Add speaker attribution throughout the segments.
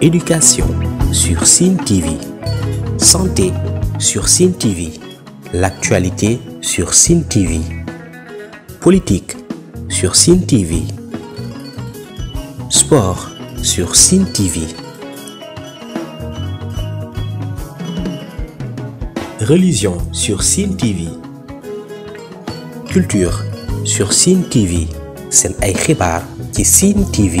Speaker 1: Éducation sur Cine TV. Santé sur Cine TV. L'actualité sur Cine TV. Politique sur Cine TV. Sport sur Cine TV. Religion sur Cine TV. Culture sur Cine TV. C'est un qui ci Cine TV.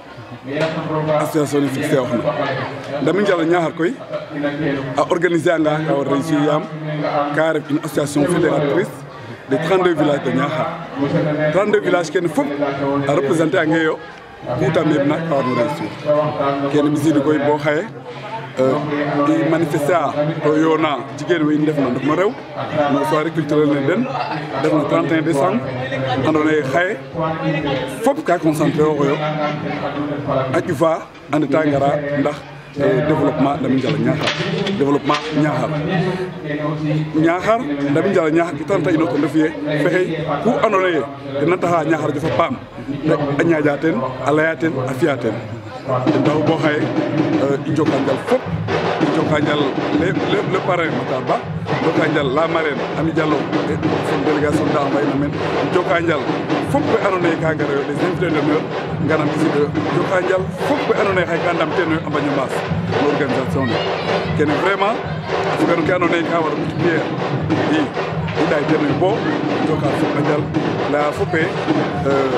Speaker 2: association ne fixé wax no ndamin jala ñaxar koy a organiser anga ka war réussir yaam ka ref une association fédératrice de 32 villages de Niakhar 32 villages kene fop a représenter ange yo ku meeb na ka war no réussir kene ɓisiidi koy bo xaye ɗi euh, manifesté a to yoona jigéen we in ndefna ndefna rew no soirée culturel ne den ndefna 31 décembre andoona yee xaye fop ka concentré oxoyo a ƴufa a ndeta ngara ndax euh, développement Ndambi Njala Niakhar développement Niakhar Niakhar Ndambi Njala Niakhar ke ta reta ino ten refu yee fexey ku andoona yee tena taxa Niakhar jofa paam a ñaaƴa teen a laya teen a fi'a teen taw bo xaye euh, i njoka njal fop i njoka njal le parrain Matar Ba njoka njal la marraine Ami Diallo son délégation da mbayna men njoka njal fop we andoona yee ka ngara yo les invités d'honneur ngara ɓisid njoka njal fop we andoona yee xay ka ndam teen a mbañ o mbaas no organisation ne kene vraiment a foga no ke andoona yee ka war a multiplier i i ɗaay teen bo njoka fop a njal laya fop ee euh,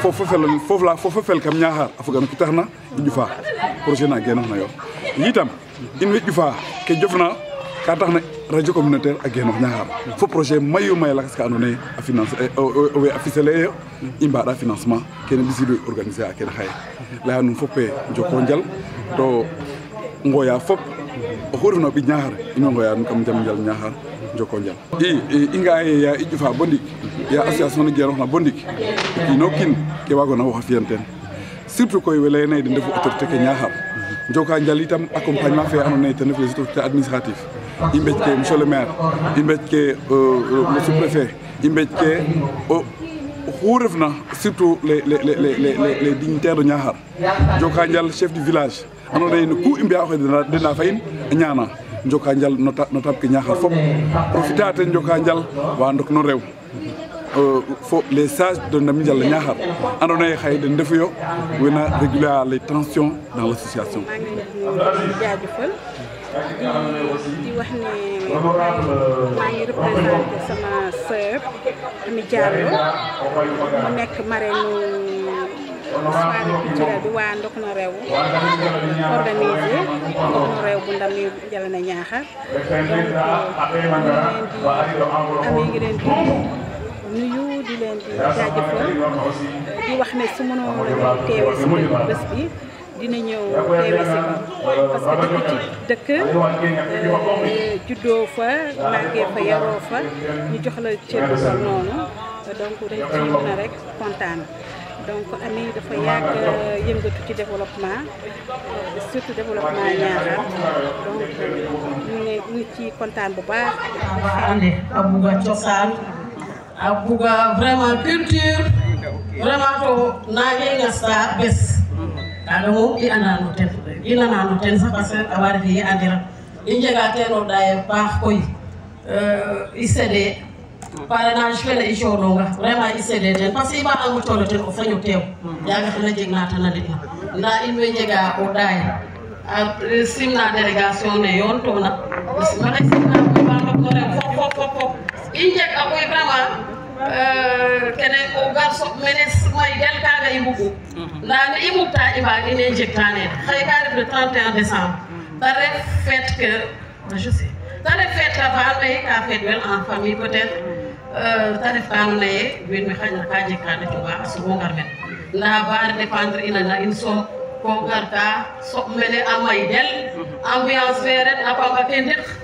Speaker 2: fofo la fofo fel kam ñahar a fogam ku taxna i ƴufa projet na genoxna yo yitam in way ƴufa ke jofna ka taxna radio communautaire a genoox ñahar fo projet mayu may lakas ka andoona yee a finance eh, we a fisele eyo i mbaɗa financement kene ɓisiidu organiser a kene xaye laya nuun fop e njoko njal to ngoya fop oxu refna o ɓiƴ ñahar in way ngoya nuun kam jam njal ñahar njoko njal i i nga'a ye ya i ƴufa bo ndik ya association no jeerof na bo ndik o kiino kiin ke waagoona wo a fiyan teen surtout koy we yee den refu autorité ke Niakhar njoka njal itam accompagnement fe andoona yee ten ref les autorité administratives i mbéj ke monsieur le maire i mbéj ke uh, le sous préfet i mbéj ke uh, oxu refna surtout les les les les les dignitaires de Niakhar njoka njal chef du village andoona yee no ku i mbi'a oxe dena fa in a ñaana njoka njal no taab ke Niakhar fop profiter a ten njoka njal wa ndok no rew Euh, fo les sages de Ndami Yàlla Ñaaxar andoona yee xaye den ndefu yo wena réguler a les dans l'association maa
Speaker 1: ngi représenté sama sœur Ami Diallo mu nekk marraine soirée culturelle bi waa ndok na réew organisé ndok na réew bu ndam yi Yàlla na Ñaaxar donc maa ngi leen di nuyu
Speaker 2: di leen di jaajëfal
Speaker 1: di wax ne su mënoo ñëw teewe si bés bi dina ñëw teewe si
Speaker 2: parce que dëkk ci
Speaker 3: dëkk euh, juddoo fa màggee fa yaroo fa
Speaker 1: ñu jox la cër bu toll noonu donc kontaan donc ami dafa yàgg euh, yëngatu ci développement euh, surtout développement Niakhar donc ñu ngi ci kontaan a buga vraiment culture vraiment to nange gasta bes kaga moom i andano ten i nanano ten sax parce que awa refe ye andiran i njega teen o ɗaye paax koy i seede parrainage fene i coononga vraiment i seede ten parce que i mbaanamo coono ten o faño teew yaaga xana jeg na tana litna ndaa in way njega o ɗaye a simna délégation ne yoon tona maxey simna koy ba ndok no rew injek akoye vraiment kene ko gar soɓ mene may del kaga i mbugu nda ne i mbugta i mbaag ine njegta neen xaye ka ref le 31 décembre mhm. te ref fête que je ref fête ka fa ando naye ka fête wel en famille peut être te ref ka ando naye wiin we xaƴna ka jeg kana cunga a sugo ngar men dépendre ina na in soom ko gar ka soɓ mene a may del mhm. ambiance fe ren a pamba ke ndik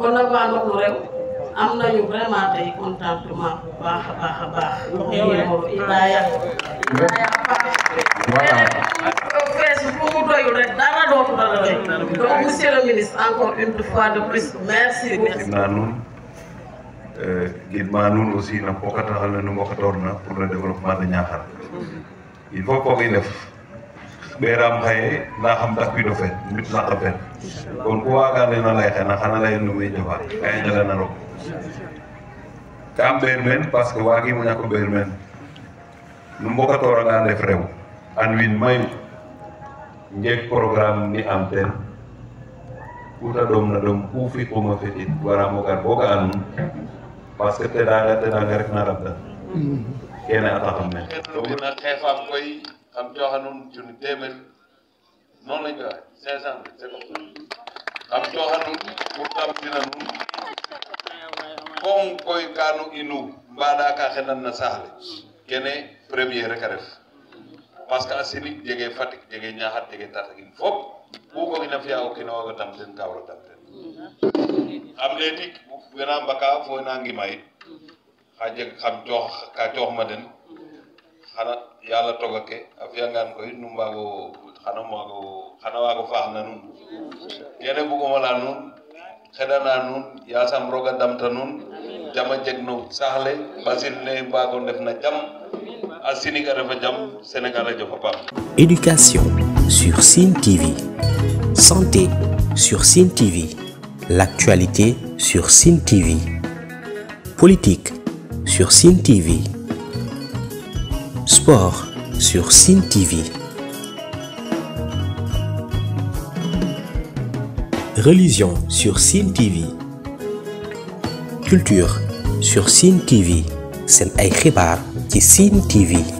Speaker 1: kon nag waa Ndefleng réew am nañu vraiment tey contentement bu baax baax a baax. yow Ibrahima fees bu mu doyul rek dara dootu dara doy donc monsieur le ministre encore une fois de plus merci beaucoup.
Speaker 3: guidement nun euh, aussi na pokata al na nu mbokator na pour le développement de Niakhar mm-hmm. il faut ko koy def beram hay la xam tak wi do fen mit la kon ko waga le na lay xena xana lay ndu may jofa ay jala na ro kam ber men parce que wagi mu ñako ber men nu mboko tora nga def rew an win may ngeek programme ni am ten kuta dom na dom ku fi ko ma fetit wara mo gar boga an parce que te da te da nga rek na rabda mm-hmm. kene xam ne na xefam koy Am joxa nuun junni téeméer non lañ joxe cinq cent c'est comme ça pour kanu inu bada ka xenan na saxle kene premier rek ref parce que asini sinig jege fatik jege ñaxar jege tatagin fop ku ko ina fiya o kina waga tam den ka tam den am le tik wena mbaka fo wena ngima xam ka yalla togake a fiyangan koy num waago xana waago xana waago faaxna nun kene bugumala nun xeɗana nun sam roga damta nun jama jeg no basil ne mbaago na jam a siniga refa jam sénégal a jofa
Speaker 1: éducation sur cine tv santé sur cine tv l'actualité sur cine tv politique sur cine tv Sport sur Cine TV. Religion sur Cine TV. Culture sur Cine TV. C'est un écrit par Cine TV.